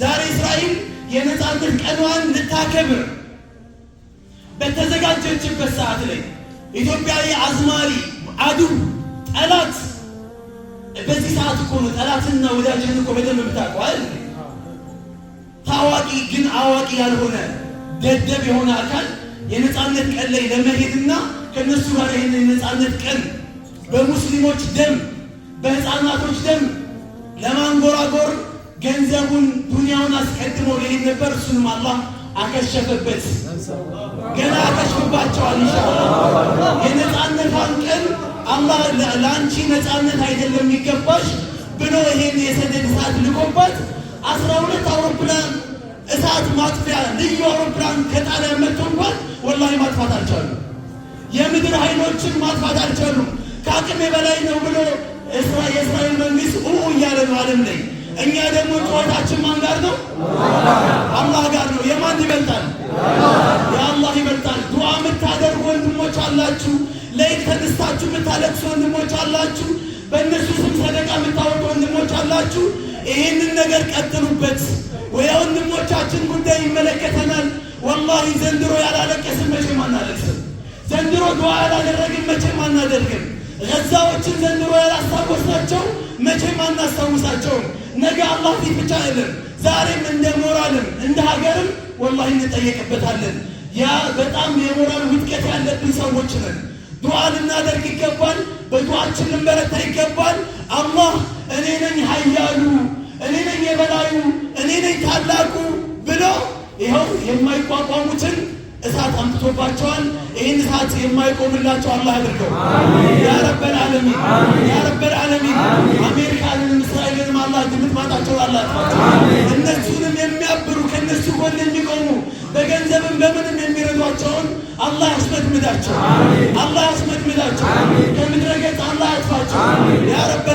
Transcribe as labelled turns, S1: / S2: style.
S1: ዛሬ እስራኤል የነፃነት ቀኗን ልታከብር በተዘጋጀችበት ሰዓት ላይ ኢትዮጵያዊ አዝማሪ አዱ ጠላት በዚህ ሰዓት እኮ ነው ጠላትና ወዳጅን እኮ በደንብ የምታውቀዋል። ታዋቂ ግን አዋቂ ያልሆነ ደደብ የሆነ አካል የነፃነት ቀን ላይ ለመሄድና ከእነሱ ጋር ይህን የነፃነት ቀን በሙስሊሞች ደም፣ በህፃናቶች ደም ለማንጎራጎር ገንዘቡን ዱንያውን አስቀድሞ ሊሄድ ነበር። እሱንም አላህ አከሸፈበት። ገና አከሽፍባቸዋል ኢንሻአላህ። የነፃነቷን ቀን አላህ ለአንቺ ነፃነት አይደለም የሚገባሽ ብሎ ይሄን የሰደድ እሳት ልቆባት አስራ ሁለት አውሮፕላን እሳት ማጥፊያ ልዩ አውሮፕላን ከጣሊያን መጥቶ እንኳን ወላሂ ማጥፋት አልቻሉ። የምድር ኃይሎችን ማጥፋት አልቻሉ። ከአቅሜ በላይ ነው ብሎ የእስራኤል መንግስት ኡ እያለ ነው አለም ላይ እኛ ደግሞ ጨዋታችን ማን ጋር ነው? አላህ ጋር ነው። የማን ይበልጣል? የአላህ ይበልጣል። ዱዓ የምታደርጉ ወንድሞች አላችሁ። ለይት ተነስታችሁ የምታለቅሱ ወንድሞች አላችሁ። በእነሱ ስም ሰደቃ የምታወጡ ወንድሞች አላችሁ። ይህንን ነገር ቀጥሉበት። ወንድሞቻችን ጉዳይ ይመለከተናል። ወላሂ ዘንድሮ ያላለቀስን መቼም አናለቅስም። ዘንድሮ ዱዓ ያላደረግን መቼም አናደርግም። ገዛዎችን ዘንድሮ ያላስታወስናቸው መቼም አናስታውሳቸውም። ነገ አላህ ፊት ብቻ አይደለም፣ ዛሬም እንደ ሞራልም እንደ ሀገርም ወላሂ እንጠየቅበታለን። ያ በጣም የሞራል ውድቀት ያለብን ሰዎች ነን። ዱዓ ልናደርግ ይገባል። በዱዓችን ልንበረታ ይገባል። አላህ እኔ ነኝ ኃያሉ እኔ ነኝ የበላዩ እኔ ነኝ ታላቁ ብሎ ይኸው የማይቋቋሙትን እሳት አምጥቶባቸዋል። ይህን እሳት የማይቆምላቸው አላህ አድርገው ያ ረበል ግልባታቸው አላቸው። እነሱንም የሚያብሩ ከእነሱ ጎን የሚቆሙ በገንዘብም በምንም የሚረዷቸውን አላህ ያስመድምዳቸው፣ አላህ ያስመድምዳቸው፣ ከምድረ ገጽ አላህ ያጥፋቸው። ያረብ